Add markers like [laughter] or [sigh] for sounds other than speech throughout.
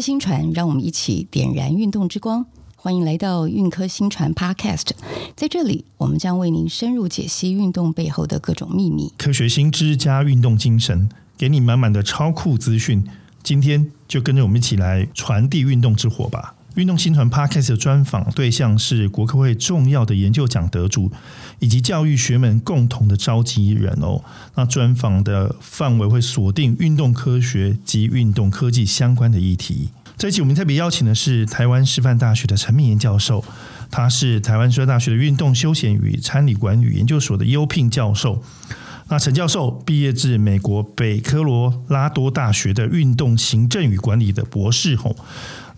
薪傳，讓我們一起點燃運動之光。歡迎來到運科薪傳 Podcast，在這裡，我們將為您深入解析運動背後的各種祕密，科學新知加運動精神，給你滿滿的超酷資訊。今天就跟着我們一起來傳遞運動之火吧。運科薪傳 Podcast 的專訪對象是國科會重要的研究獎得主，以及教育學門共同的召集人哦。那專訪的範圍會鎖定運動科學及運動科技相關的議題。這一期我們特別邀請的是台灣師範大學的陳美燕教授，他是台灣師範大學的運動休閒與餐旅管理研究所的優聘教授。那陳教授畢業自美國北科羅拉多大學的運動行政與管理的博士後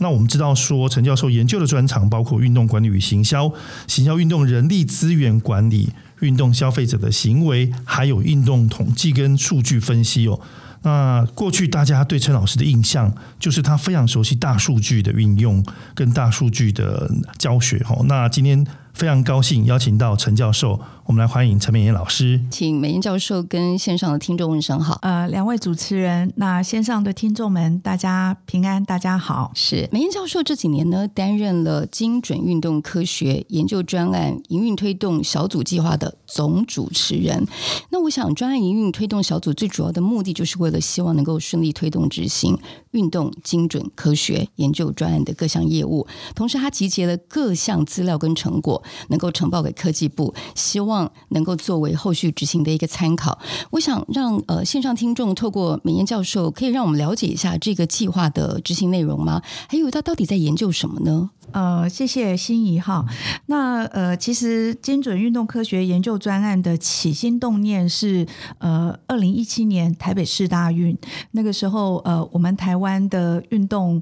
那我們知道說，陳教授研究的專長包括運動管理與行銷、行銷運動、人力資源管理、運動消費者的行為，還有運動統計跟數據分析哦。那過去大家對陳老師的印象就是他非常熟悉大數據的運用跟大數據的教學哦。那今天非常高興邀請到陳教授。我們來歡迎陳美燕老師，請美燕教授跟線上的聽眾問聲好。呃，兩位主持人，那線上的聽眾們，大家平安，大家好。是美燕教授這幾年呢，擔任了精準運動科學研究專案營運推動小組計劃的總主持人。那我想，專案營運推動小組最主要的目的，就是為了希望能夠順利推動執行運動精準科學研究專案的各項業務，同時他集結了各項資料跟成果，能夠呈報給科技部，希望。望能夠作為後續執行的一個參考。我想讓呃線上聽眾透過美燕教授，可以讓我們了解一下這個計劃的執行內容嗎？還有他到底在研究什麼呢？呃，謝謝心怡哈。那呃，其實精準運動科學研究專案的起心動念是呃，二零一七年台北市大運那個時候，呃，我們台灣的運動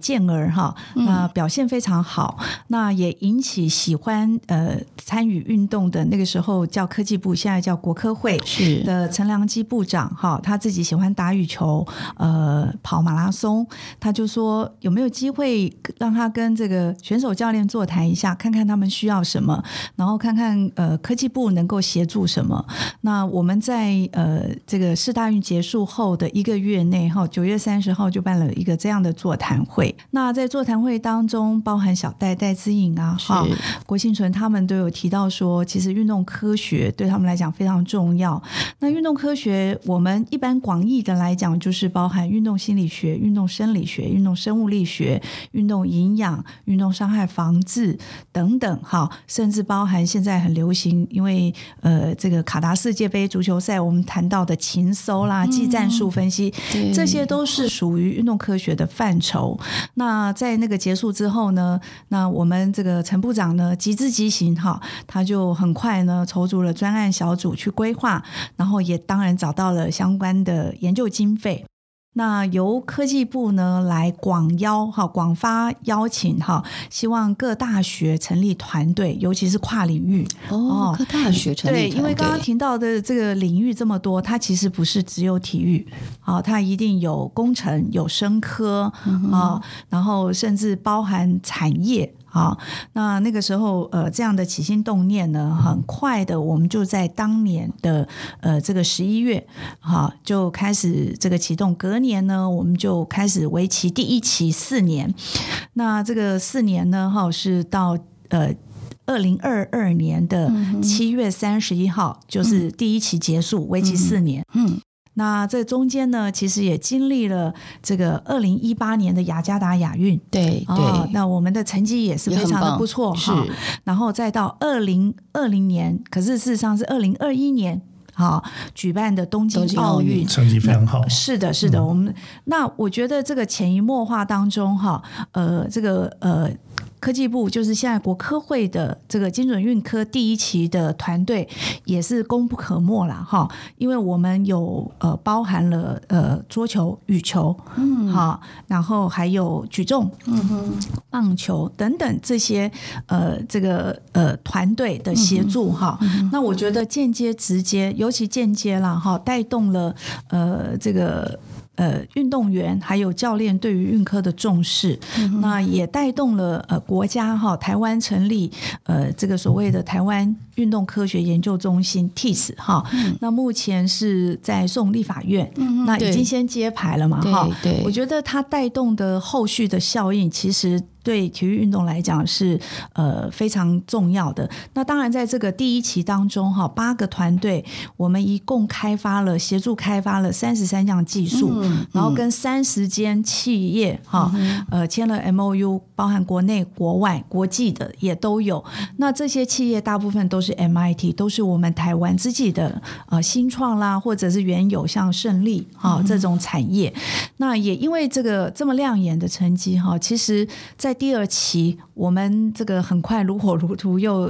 健兒哈那表現非常好，那也引起喜歡呃參與運動的那個。那時候叫科技部，現在叫國科會，是的。陳良基部長哈，他自己喜歡打羽球，呃，跑馬拉松。他就說有沒有機會讓他跟這個選手教練座談一下，看看他們需要什麼，然後看看呃科技部能夠協助什麼。那我們在呃這個世大運結束後的一個月內哈，九月三十號就辦了一個這樣的座談會。那在座談會當中，包含小戴戴資穎啊，哈是、哦，郭婞淳他們都有提到說，其實運動運動科學對他們來講非常重要。那運動科學，我們一般廣義的來講，就是包含運動心理學、運動生理學、運動生物力學、運動營養、運動傷害防治等等，哈，甚至包含現在很流行，因為呃，這個卡達世界杯足球賽，我們談到的情搜啦、嗯、技戰術分析，對這些都是屬於運動科學的範疇。那在那個結束之後呢，那我們這個陳部長呢，即知即行哈，他就很快。呢，籌足了專案小組去規劃，然後也當然找到了相關的研究經費。那由科技部呢來廣邀哈、哦、廣發邀請哈、哦，希望各大學成立團隊，尤其是跨領域哦，哦。各大學成立團隊，對，因為剛剛提到的這個領域這麼多，它其實不是只有體育好、哦，它一定有工程、有生科啊，哦嗯、哼然後甚至包含產業。好，那那個時候，呃，這樣的起心動念呢，很快的，我們就在當年的呃這個十一月，好，就開始這個啟動。隔年呢，我們就開始為期第一期四年。那這個四年呢，好，是到呃二零二二年的七月三十一號，嗯、哼就是第一期結束，嗯、為期四年，嗯。嗯那這中間呢，其實也經歷了這個二零一八年的雅加達亞運，對對、哦，那我們的成績也是非常的不錯，是。然後再到二零二零年，可是事實上是二零二一年哈、哦、舉辦的東京奧運，奧運成績非常好。是的，是的，是的、嗯，我們那我覺得這個潛移默化當中哈，呃，這個呃。科技部，就是現在國科會的這個精準運科第一期的團隊也是功不可沒了哈，因為我們有呃包含了呃桌球、羽球，嗯，好，然後還有舉重、嗯哼，棒球等等，這些呃這個呃團隊的協助哈，那我覺得間接、直接，尤其間接了哈，帶動了呃這個。呃，運動員還有教練對於運科的重視，嗯、哼那也帶動了呃國家哈、哦、台灣成立呃這個所謂的台灣運動科學研究中心 TIS 哈，IS，哦嗯、那目前是在送立法院，嗯、哼那已經先揭牌了嘛哈，我覺得它帶動的後續的效應其實。對體育運動來講是呃非常重要的。那當然，在這個第一期當中哈，八個團隊，我們一共開發了協助開發了三十三項技術，嗯嗯、然後跟三十間企業哈呃簽了 M O U，、嗯、哼包含國內、國外、國際的也都有。那這些企業大部分都是 M I T，都是我們台灣自己的呃新創啦，或者是原有像勝利哈、哦、這種產業。嗯、哼那也因為這個這麼亮眼的成績哈，其實在在第二期，我們這個很快如火如荼又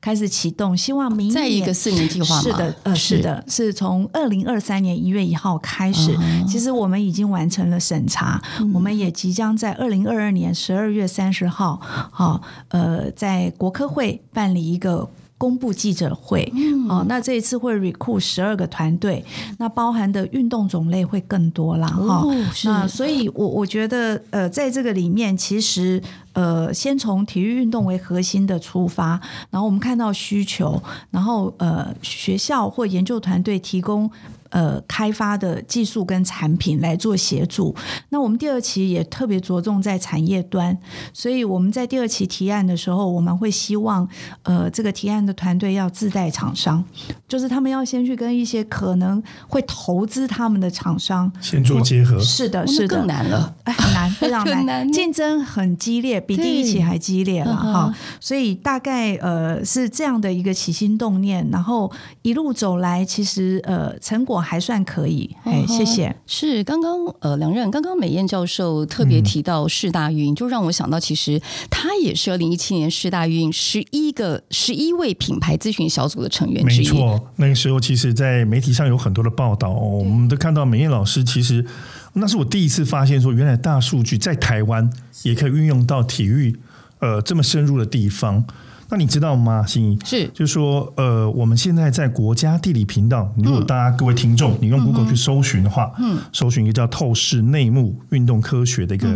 開始啟動，希望明年再一個四年計劃嗎？是的，是，呃，是的，是從二零二三年一月一號開始。嗯、哼其實我們已經完成了審查，嗯、哼我們也即將在二零二二年十二月三十號，好，呃，在國科會辦理一個。公佈記者會啊、嗯哦，那這一次會 recruit 十二個團隊，那包含的運動種類會更多啦哈。哦、那所以我，我我覺得，呃，在這個裡面，其實，呃，先從體育運動為核心的出發，然後我們看到需求，然後呃，學校或研究團隊提供。呃，開發的技術跟產品來做協助。那我們第二期也特別着重在產業端，所以我們在第二期提案的時候，我們會希望，呃，這個提案的團隊要自帶廠商，就是他們要先去跟一些可能會投資他們的廠商先做結合。是的，是的，更難了，哎，很難，非常難，啊，競爭很激烈，比第一期還激烈了哈對。所以大概呃是這樣的一個起心動念，然後一路走來，其實呃成果。哦、還算可以，哎，哦、哈謝謝。是剛剛呃，俍任剛剛美燕教授特別提到世大運，嗯、就讓我想到，其實他也是二零一七年世大運十一個十一位品牌諮詢小組的成員之一沒錯，那個時候其實，在媒體上有很多的報道、哦，我們都看到美燕老師，其實對那是我第一次發現，說原來大數據在台灣也可以運用到體育，呃，這麼深入的地方。那你知道嗎，心怡？是，就是說，呃，我們現在在國家地理頻道，如果大家各位聽眾，嗯、你用 Google 去搜尋的話，嗯，嗯，搜尋一個叫《透視內幕運動科學》的一個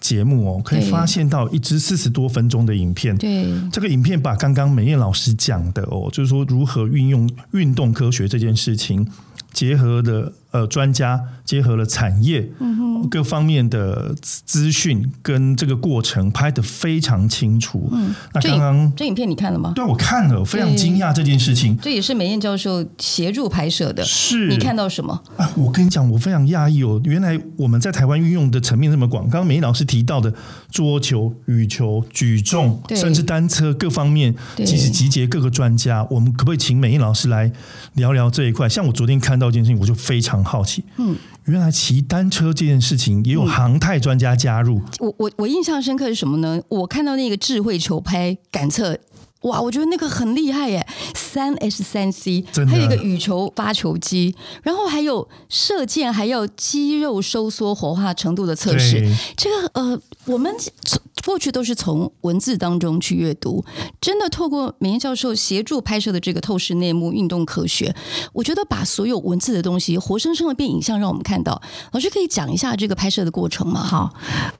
節目哦，可以發現到一支四十多分鐘的影片。對，這個影片把剛剛美燕老師講的哦，就是說如何運用運動科學這件事情結合的。呃，專家結合了產業、嗯、哼各方面的資訊，跟這個過程拍得非常清楚。嗯，那剛剛這影片你看了嗎？對，我看了，非常驚訝這件事情。這也是美燕教授協助拍攝的，是你看到什麼？啊、哎，我跟你講，我非常訝異哦！原來我們在台灣運用的層面這麼廣。剛剛美燕老師提到的桌球、羽球、舉重，對甚至單車各方面，其實集結各個專家，我們可不可以請美燕老師來聊聊這一塊？像我昨天看到一件事情，我就非常。很好奇，嗯，原來騎單車這件事情也有航太專家加入。嗯、我我我印象深刻是什麼呢？我看到那個智慧球拍感測。哇，我覺得那個很厲害耶，三 S 三 C， 的 還有一個羽球發球機，然後還有射箭，還要肌肉收縮活化程度的測試。對這個呃，我們從過去都是從文字當中去閱讀，真的透過美燕教授協助拍攝的這個透視內幕運動科學，我覺得把所有文字的東西活生生的變影像，讓我們看到。老師可以講一下這個拍攝的過程嗎？哈，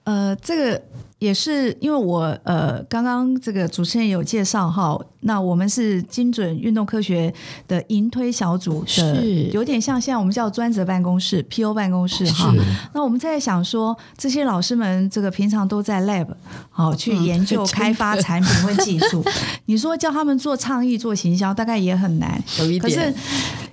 呃，這個。也是因為我呃，剛剛這個主持人有介紹哈，那我們是精準運動科學的營推小組，是有點像現在我們叫專責辦公室、PO 辦公室哈。是啊、那我們在想說，這些老師們這個平常都在 lab 好、啊、去研究開發產品或技術，嗯、 [laughs] 你說叫他們做倡議、做行銷，大概也很難，有一點。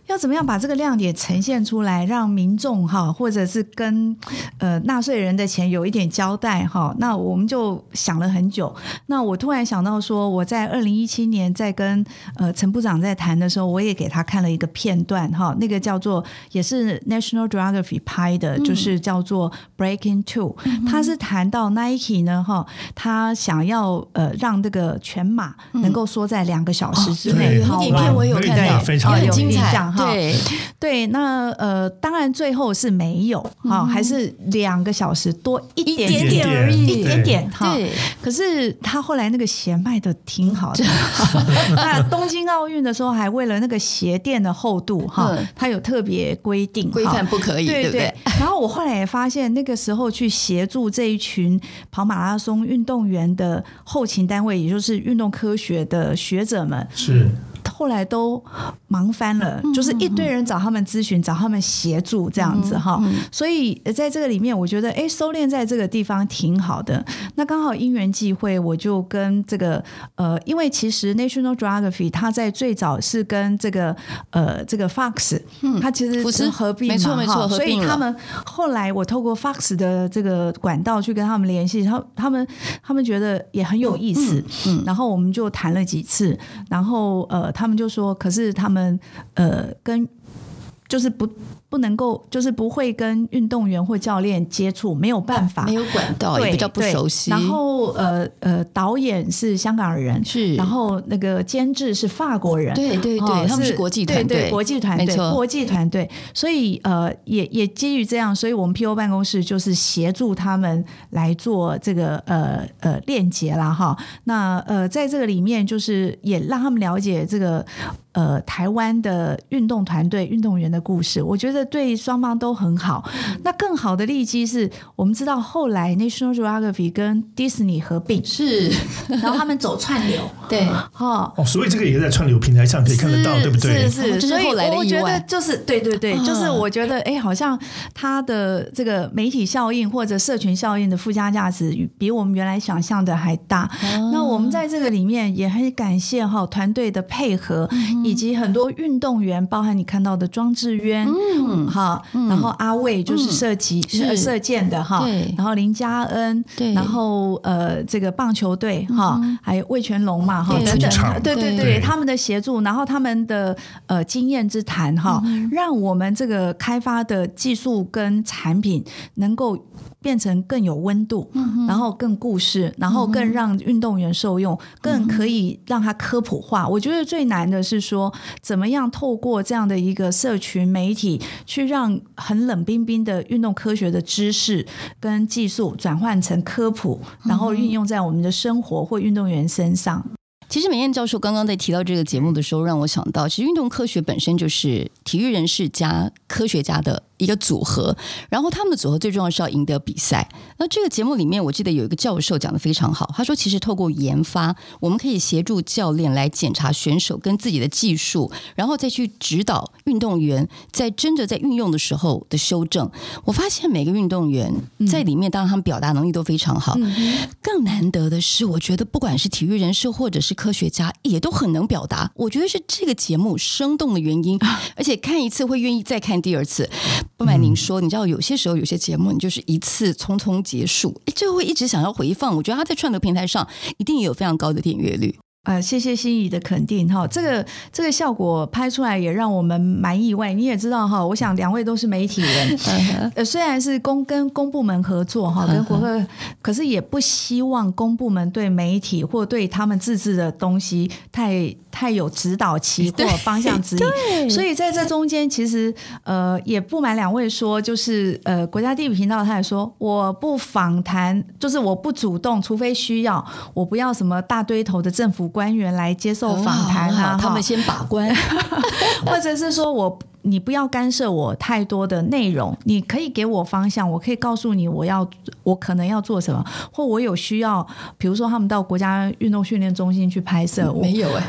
要怎麼樣把這個亮點呈現出來，讓民眾哈，或者是跟呃納稅人的錢有一點交代哈、哦？那我們就想了很久。那我突然想到說，我在二零一七年在跟呃陳部長在談的時候，我也給他看了一個片段哈、哦，那個叫做也是 National Geography 拍的，嗯、就是叫做 Breaking Two、嗯哼。他是談到 Nike 呢哈、哦，他想要呃讓這個全馬能夠縮在兩個小時之內。哦、對好，影片那我有看到，非常有力量。彩對，對，那呃，當然最後是沒有啊，還是兩個小時多一點點而已，一點點哈。可是他後來那個鞋賣得挺好的。那東京奧運的時候，還為了那個鞋墊的厚度哈，他有特別規定，規範不可以，對不對？然後我後來也發現，那個時候去協助這一群跑馬拉松運動員的後勤單位，也就是運動科學的學者們是。後來都忙翻了，嗯、就是一堆人找他們諮詢，嗯、找他們協助、嗯、這樣子哈。嗯、所以在這個裡面，我覺得哎，收斂在這個地方挺好的。那剛好因緣際會，我就跟這個呃，因為其實 National Geography 他在最早是跟這個呃這個 Fox，他其實是合併嘛、嗯、沒錯。所以他們後來我透過 Fox 的這個管道去跟他們聯繫，他他們他們覺得也很有意思。嗯嗯嗯、然後我們就談了幾次，然後呃他。他們就說：“可是他們，呃，跟就是不。”不能夠，就是不會跟運動員或教練接觸，沒有辦法，哦、沒有管道，對也比較不熟悉。然後呃呃，導演是香港人，是，然後那個監製是法國人，對對對，哦、他們是國際團隊，對對國際團隊，沒錯國際團隊。所以呃，也也基於這樣，所以我們 P O 辦公室就是協助他們來做這個呃呃鏈接啦。哈。那呃，在這個裡面，就是也讓他們了解這個呃台灣的運動團隊、運動員的故事，我覺得。這對雙方都很好。那更好的利基是我們知道後來 National Geographic 跟迪士尼合併，是，然後他們走串流，對，哦，所以這個也在串流平台上可以看得到，對不對？是是，所以我覺得就是對對對，就是我覺得哎，好像它的這個媒體效應或者社群效應的附加價值比我們原來想象的還大。那我們在這個裡面也很感謝哈團隊的配合，以及很多運動員，包含你看到的莊智淵。嗯哈，然後阿魏就是射擊、射射箭的哈，對，然後林嘉恩，對，然後呃這個棒球隊哈，還有魏全龍嘛哈，等等，對對對，他們的協助，然後他們的呃經驗之談哈，讓我們這個開發的技術跟產品能夠變成更有溫度，然後更故事，然後更讓運動員受用，更可以讓他科普化。我覺得最難的是說，怎麼樣透過這樣的一個社群媒體。去讓很冷冰冰的運動科學的知識跟技術轉換成科普，嗯、哼然後運用在我們的生活或運動員身上。其實美燕教授剛剛在提到這個節目的時候，讓我想到，其實運動科學本身就是體育人士加科學家的。一個組合，然後他們的組合最重要是要贏得比賽。那這個節目裡面，我記得有一個教授講得非常好，他說：“其實透過研發，我們可以協助教練來檢查選手跟自己的技術，然後再去指導運動員在真的在運用的時候的修正。”我發現每個運動員在裡面，當然他們表達能力都非常好。嗯、更難得的是，我覺得不管是體育人士或者是科學家，也都很能表達。我覺得是這個節目生動的原因，啊、而且看一次會願意再看第二次。不瞞您說，你知道有些時候有些節目，你就是一次匆匆結束，誒，就會一直想要回放。我覺得他在串流平台上一定有非常高的點閱率。呃，謝謝心怡的肯定哈，這個這個效果拍出來也讓我們蠻意外。你也知道哈，我想兩位都是媒體人，呃、uh，huh. 雖然是公跟公部門合作哈，跟國會，uh huh. 可是也不希望公部門對媒體或對他們自制的東西太太有指導棋或方向指引。對所以在這中間，其實呃，也不瞞兩位說，就是呃，國家地理頻道他也說，我不訪談，就是我不主動，除非需要，我不要什麼大堆頭的政府。官員來接受訪談哈、哦，後他們先把關， [laughs] 或者是說，我你不要干涉我太多的內容，你可以給我方向，我可以告訴你我要我可能要做什麼，或我有需要，比如說他們到國家運動訓練中心去拍攝，沒有哎，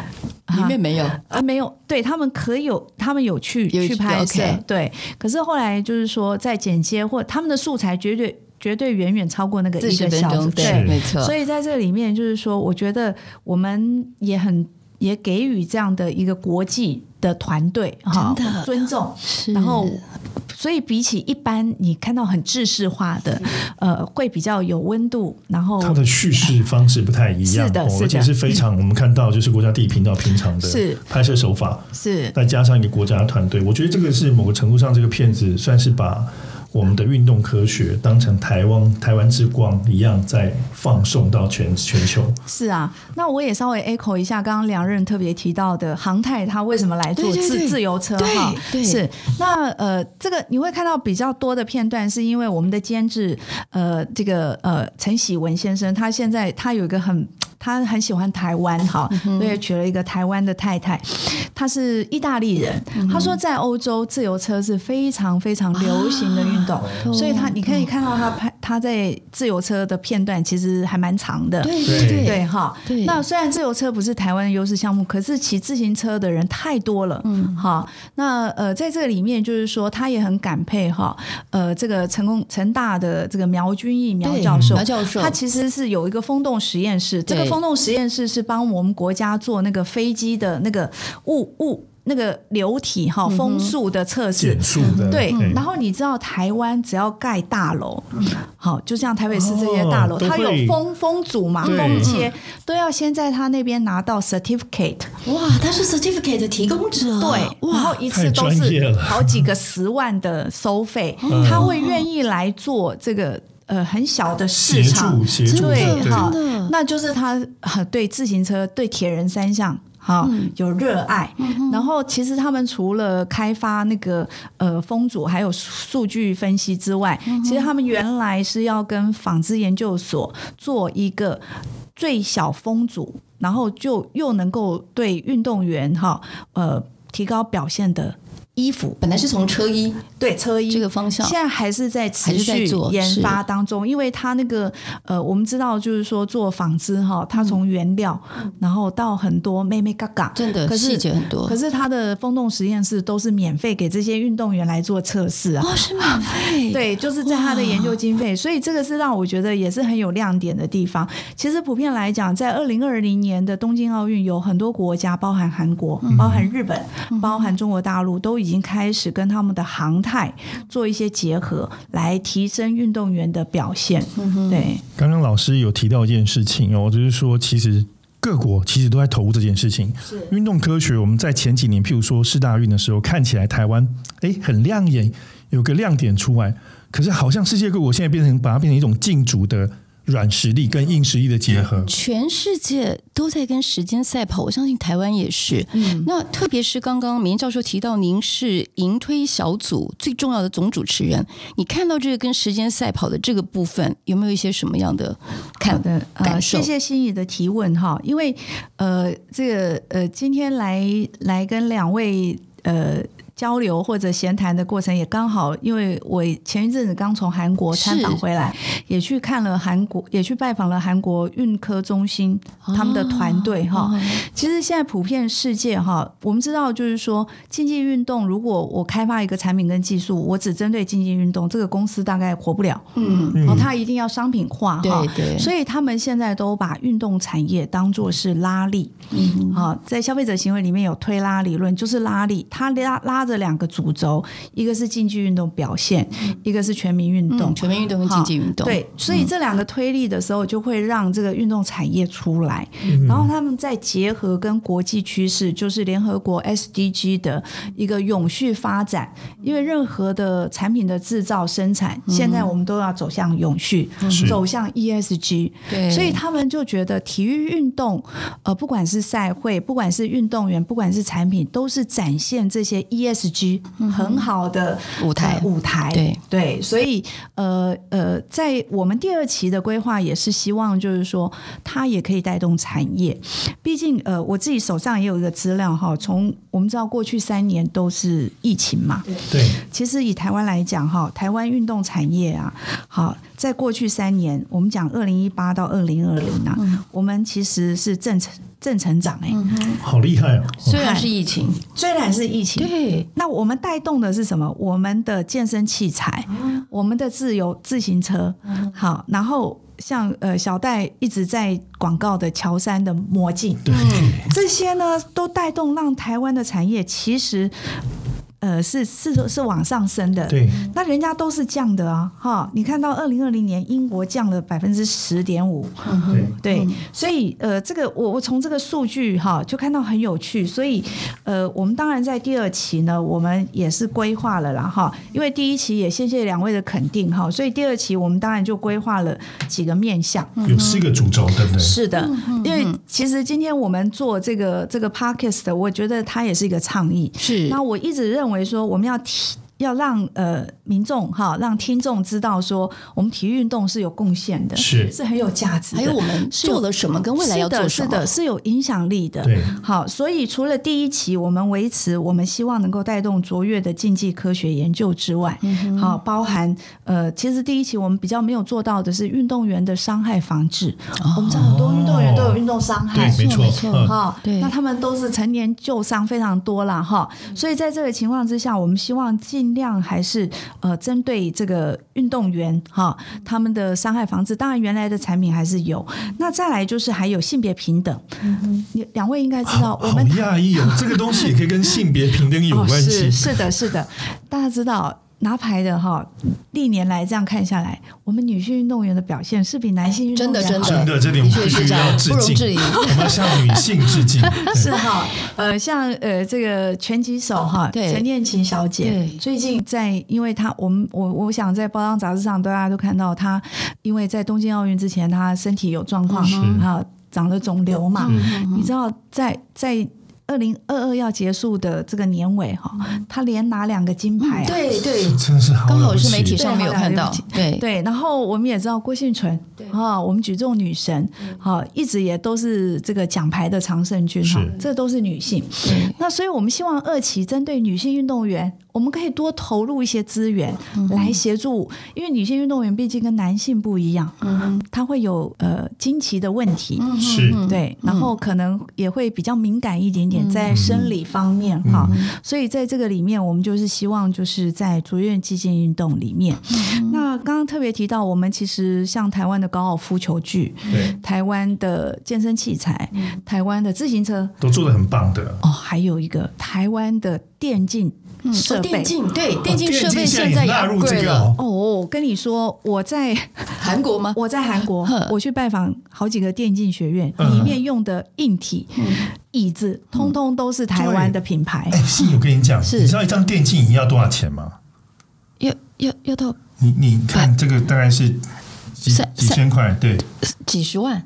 我裡面沒有啊，沒有，對，他們可以有，他們有去 H 去拍攝。H okay, 對，可是後來就是說在剪接或他們的素材絕對。絕對遠遠超過那個一個小時，對，沒錯對。是所以在這裡面，就是說，我覺得我們也很也給予這樣的一個國際的團隊哈的尊重，哦、然後，所以比起一般你看到很制式化的，是呃，會比較有溫度。然後，它的敘事方式不太一樣，是的，是的、哦，而且是非常 [laughs] 我們看到就是國家地理頻道平常的拍攝手法，是，、嗯、是再加上一個國家的團隊，我覺得這個是某個程度上這個片子算是把。我們的運動科學當成台灣台灣之光一樣，在放送到全全球。是啊，那我也稍微 echo 一下剛剛俍任特別提到的航太，他為什麼來做自、嗯、對對對自由車哈？對對是對那呃，這個你會看到比較多的片段，是因為我們的監制呃，這個呃陳喜文先生，他現在他有一個很。他很喜歡台灣哈，嗯、哼所以娶了一個台灣的太太。他是意大利人，他、嗯、哼說在歐洲自由車是非常非常流行的運動，啊、所以他對你可以看到他拍。他在自由車的片段其實還蠻長的，對對對，哈。那雖然自由車不是台灣的優勢項目，可是騎自行車的人太多了，嗯，哈，那呃，在這裡面，就是說他也很感佩哈，呃，這個成功成大的這個苗君易苗教授，苗教授，他其實是有一個風洞實驗室，對這個風洞實驗室是幫我們國家做那個飛機的那個物物。那個流體哈風速的測試，對，然後你知道台灣只要蓋大樓，好，就像台北市這些大樓，它有風風阻嘛，風切都要先在他那邊拿到 certificate。哇，他是 certificate 的提供者，對，然後一次都是好幾個十萬的收費，他會願意來做這個呃很小的市場協助，對，哈，那就是他對自行車對鐵人三項。好，嗯、有熱愛。嗯、哼然後，其實他們除了開發那個呃風阻，還有數據分析之外，嗯、哼其實他們原來是要跟紡織研究所做一個最小風阻，然後就又能夠對運動員哈呃提高表現的。衣服本來是從車衣對車衣這個方向，現在還是在持續研發當中，因為它那個呃，我們知道就是說做紡織哈，它從原料、嗯、然後到很多妹妹嘎嘎，真的可是細節很多。可是它的風洞實驗室都是免費給這些運動員來做測試啊，哦是免費， [laughs] 對，就是在他的研究經費，哇所以這個是讓我覺得也是很有亮點的地方。其實普遍來講，在二零二零年的東京奧運，有很多國家，包含韓國、包含日本、嗯、包含中國大陸，都已經已經開始跟他們的航太做一些結合，來提升運動員的表現。對，剛剛老師有提到一件事情哦，就是說其實各國其實都在投入這件事情。是運動科學，我們在前幾年，譬如說世大運的時候，看起來台灣誒很亮眼，有個亮點出來。可是好像世界各國現在變成把它變成一種競逐的。軟實力跟硬實力的結合，嗯、全世界都在跟時間賽跑，我相信台灣也是。嗯，那特別是剛剛明教授提到，您是迎推小組最重要的總主持人，你看到這個跟時間賽跑的這個部分，有沒有一些什麼樣的看好的、呃、感受？謝謝心怡的提問哈，因為呃，這個呃，今天來來跟兩位呃。交流或者閒談的過程也剛好，因為我前一陣子剛從韓國參訪回來，也去看了韓國，也去拜訪了韓國運科中心他們的團隊哈。其實現在普遍世界哈，我們知道就是說，競技運動如果我開發一個產品跟技術，我只針對競技運動，這個公司大概活不了。嗯，嗯，它一定要商品化哈。對對，所以他們現在都把運動產業當做是拉力。嗯，在消費者行為裡面有推拉理論，就是拉力，它拉拉。這兩個主軸，一個是競技運動表現，嗯、一個是全民運動。全民運動跟競技運動，對，所以這兩個推力的時候，就會讓這個運動產業出來。嗯、然後他們再結合跟國際趨勢，就是聯合國 SDG 的一個永續發展。因為任何的產品的製造生產，嗯、現在我們都要走向永續，嗯、走向 ESG。對，所以他們就覺得體育運動，呃，不管是賽會，不管是運動員，不管是產品，都是展現這些 ESG。很好的，嗯，舞台，呃，舞台對對，對，所以呃呃，在我們第二期的規劃也是希望，就是說它也可以帶動產業。畢竟呃，我自己手上也有一個資料哈，從我們知道過去三年都是疫情嘛，對。其實以台灣來講哈，台灣運動產業啊，好。在過去三年，我們講二零一八到二零二零啊，我們其實是正成正成長、欸嗯、哼好厲害啊、哦！但雖然是疫情，哦、雖然是疫情，對，那我們帶動的是什麼？我們的健身器材，哦、我們的自由自行車，哦、好，然後像呃小戴一直在廣告的喬山的魔鏡，對嗯、這些呢都帶動讓台灣的產業其實。呃，是是是往上升的。對。那人家都是降的啊，哈！你看到二零二零年英國降了百分之十點五。嗯、哼對。對、嗯哼。所以，呃，這個我我從這個數據哈，就看到很有趣。所以，呃，我們當然在第二期呢，我們也是規劃了啦。哈。因為第一期也謝謝兩位的肯定哈，所以第二期我們當然就規劃了幾個面向，有四、嗯、哼個主軸，對不對？是的，因為其實今天我們做這個這個 Podcast，我覺得它也是一個倡議。是。那我一直認為。認為說，我們要提，要讓呃民眾哈、哦，讓聽眾知道說，我們體育運動是有貢獻的，是是很有價值的。還有我們做了什麼，跟未來要做什麼，是的，是，的是有影響力的。對，好，所以除了第一期，我們維持，我們希望能夠帶動卓越的競技科學研究之外，嗯、哼好，包含呃，其實第一期我們比較沒有做到的是運動員的傷害防治。哦、我們知道很多運動員都有運動傷害，沒錯、哦、沒錯，哈、嗯，對、哦，那他們都是成年舊傷非常多了哈、哦。所以在這個情況之下，我們希望進量還是呃針對這個運動員哈，他們的傷害防治，當然原來的產品還是有。那再來就是還有性別平等，嗯哼，兩位應該知道，好我們訝異、哦嗯、這個東西也可以跟性別平等有關係， [laughs] 哦、是，是的，是的，是的，大家知道。拿牌的哈，歷年來這樣看下來，我們女性運動員的表現是比男性運動員好，真的真的，真的這點確實要致敬，向 [laughs] 女性致敬是哈、哦。呃，像呃這個拳擊手哈，哦、對陳念琴小姐對對最近在，因為她，我們我我想在報章雜誌上大家都看到她，因為在東京奧運之前她身體有狀況，哈、嗯哼，長了腫瘤嘛，嗯、哼你知道在在。在二零二二要結束的這個年尾哈，他連拿兩個金牌，對對，真的是剛好是媒體上沒有看到，對對。然後我們也知道郭婞淳，啊，我們舉重女神，一直也都是這個獎牌的常勝軍是。這都是女性。那所以我們希望二期針對女性運動員，我們可以多投入一些資源來協助，因為女性運動員畢竟跟男性不一樣，她會有呃經期的問題，是對，然後可能也會比較敏感一點點。在生理方面哈，所以在這個裡面，我們就是希望就是在卓越基金運動裡面。那剛剛特別提到，我們其實像台灣的高爾夫球具，台灣的健身器材，台灣的自行車都做得很棒的哦。還有一個台灣的電競設備，電競，對，電競設備現在也納入這個哦。我跟你說，我在韓國嗎？我在韓國，我去拜訪好幾個電競學院，裡面用的硬體。椅子通通都是台灣的品牌。哎，信，我跟你講，你知道一張電競椅要多少錢嗎？要要要到你你看這個，大概是幾幾千塊，對，幾十萬。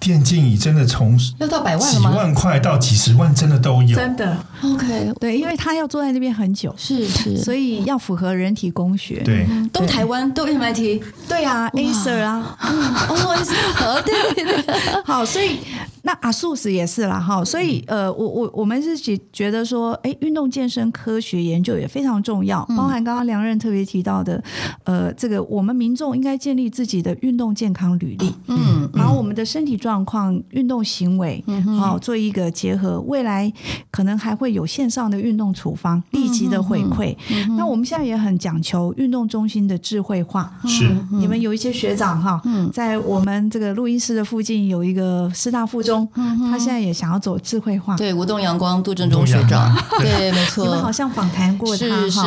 電競椅真的從要到百萬嗎？幾萬塊到幾十萬，真的都有，真的 OK。對，因為他要坐在那邊很久，是是，所以要符合人體工學。對，都台灣，都 MIT，對啊，Acer 啊，我們是核對對對，好，所以。那阿蘇斯也是了哈，所以呃，我我我們是覺覺得說，哎、欸，運動健身科學研究也非常重要，包含剛剛俍任特別提到的，呃，這個我們民眾應該建立自己的運動健康履歷，嗯，然後我們的身體狀況、運動行為，好、嗯、哼做一個結合，未來可能還會有線上的運動處方，立即的回饋。嗯、哼那我們現在也很講求運動中心的智慧化，是，你們有一些學長哈，嗯嗯、在我們這個錄音室的附近有一個師大附中。嗯、他現在也想要走智慧化，對，舞動陽光杜正中學長，對， [laughs] 對，沒錯，你們好像訪談過他是。是哦，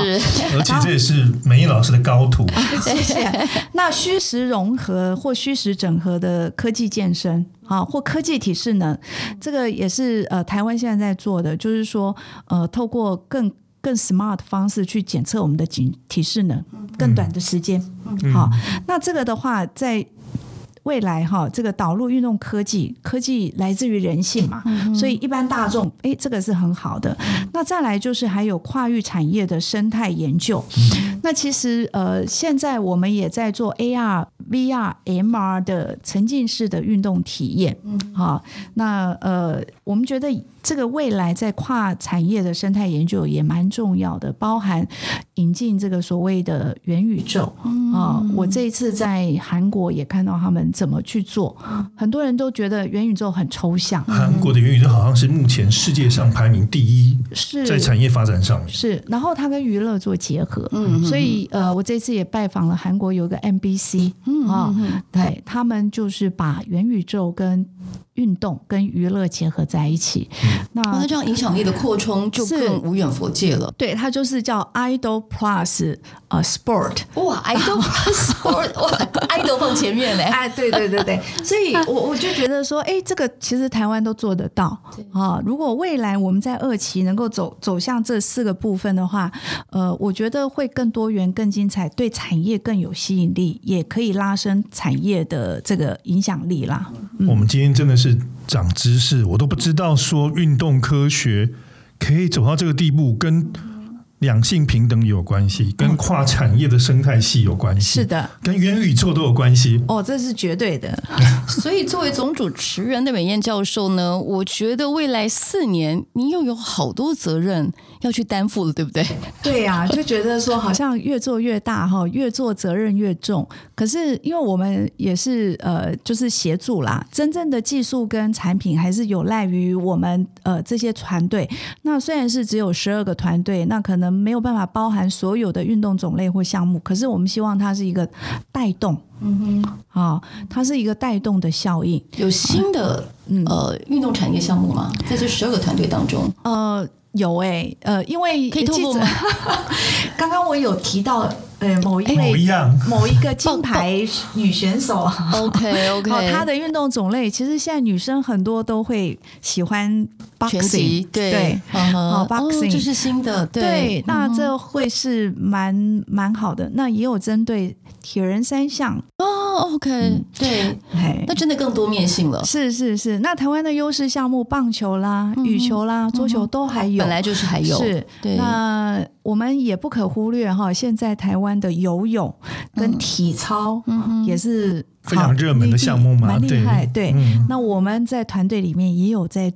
而且這也是美燕老師的高徒，啊、謝謝。 [laughs] 那虛實融合或虛實整合的科技健身啊，或科技體適能，這個也是呃，台灣現在在做的，就是說呃，透過更更 smart 方式，去檢測我們的體體適能，更短的時間。嗯、好，嗯、那這個的話在。未來哈，這個導入運動科技，科技來自於人性嘛，嗯、哼所以一般大眾哎，這個是很好的。那再來就是還有跨域產業的生態研究。那其實呃，現在我們也在做 AR、VR、MR 的沉浸式的運動體驗。嗯哼，好、哦，那呃，我們覺得。這個未來在跨產業的生態研究也蠻重要的，包含引進這個所謂的元宇宙啊，嗯，哦。我這一次在韓國也看到他們怎麼去做，很多人都覺得元宇宙很抽象。韓國的元宇宙好像是目前世界上排名第一，在產業發展上面是，是。然後他跟娛樂做結合，嗯哼，所以呃，我這一次也拜訪了韓國有一個 MBC，哦，有個 MBC，嗯啊，對他們就是把元宇宙跟。運動跟娛樂結合在一起，嗯、那那這樣影響力的擴充就更無遠弗屆了。對，它就是叫 Idol Plus uh, Sport。哇，Idol Plus，Sport，Idol 放前面哎、啊，對對對對，所以我我就覺得說，哎，這個其實台灣都做得到啊。如果未來我們在二期能夠走走向這四個部分的話，呃，我覺得會更多元、更精彩，對產業更有吸引力，也可以拉升產業的這個影響力啦。嗯、我們今天。真的是長知識，我都不知道說運動科學可以走到這個地步，跟兩性平等有關係，跟跨產業的生態系有關係。是的，跟元宇宙都有關係。哦，這是絕對的。對所以作為總主持人的美燕教授呢，我覺得未來四年你又有好多責任要去擔負了，對不對？對呀、啊，就覺得說好像越做越大哈，越做責任越重。 [laughs] 可是因為我們也是呃，就是協助啦，真正的技術跟產品還是有賴於我們呃這些團隊。那雖然是只有十二個團隊，那可能。沒有辦法包含所有的運動種類或項目，可是我們希望它是一個帶動，嗯哼，好、哦，它是一個帶動的效應。有新的、嗯、呃運動產業項目嗎？在這十二個團隊當中？呃，有誒，呃，因為、欸、可以透露嗎？ [laughs] 剛剛我有提到。對，某一位，某一個金牌女選手，OK OK，好，她的運動種類，其實現在女生很多都會喜歡 boxing 對，好 boxing 就這是新的，對，對，那這會是蠻蠻好的，那也有針對鐵人三項哦，OK，對，那真的更多面性了，是是是，那台灣的優勢項目，棒球啦、羽球啦、桌球都還有，本來就是還有，是，那我們也不可忽略哈，現在台灣。的游泳跟體操也是非常熱門的項目嘛，對對。對那我們在團隊裡面也有在，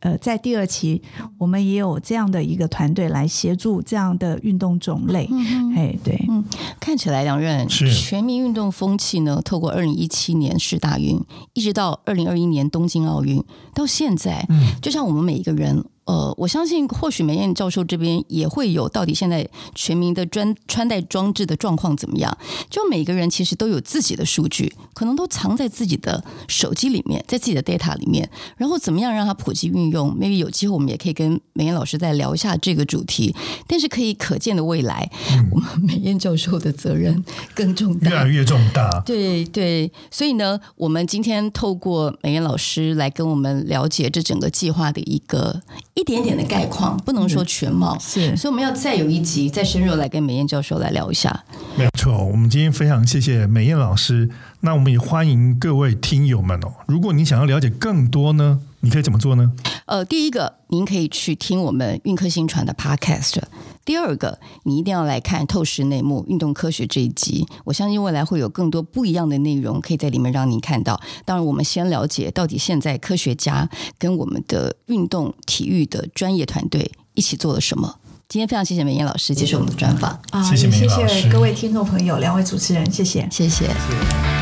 呃，在第二期我們也有這樣的一個團隊來協助這樣的運動種類。嗯、哼哎，對、嗯，看起來兩人是全民運動風氣呢。透過二零一七年世大運，一直到二零二一年東京奧運，到現在，嗯、就像我們每一個人。呃，我相信或許美燕教授這邊也會有，到底現在全民的專穿戴裝置的狀況怎麼樣？就每個人其實都有自己的數據，可能都藏在自己的手機裡面，在自己的 data 裡面。然後怎麼樣讓它普及運用？Maybe 有機會我們也可以跟美燕老師再聊一下這個主題。但是可以可見的未來，嗯，我們美燕教授的責任更重大，越來越重大啊。對對，所以呢，我們今天透過美燕老師來跟我們了解這整個計劃的一個。一點點的概況，不能說全貌。嗯、是，所以我們要再有一集，再深入來跟美燕教授來聊一下。沒有錯，我們今天非常謝謝美燕老師，那我們也歡迎各位聽友們哦。如果你想要了解更多呢？你可以怎麼做呢？呃，第一個，您可以去聽我們運科薪傳的 Podcast。第二個，你一定要來看《透視內幕·運動科學》這一集。我相信未來會有更多不一樣的內容可以在裡面讓您看到。當然，我們先了解到底現在科學家跟我們的運動體育的專業團隊一起做了什麼。今天非常謝謝美燕老師接受我們的專訪，嗯、啊，謝謝，謝謝各位聽眾朋友，兩位主持人，謝謝，謝謝。謝謝。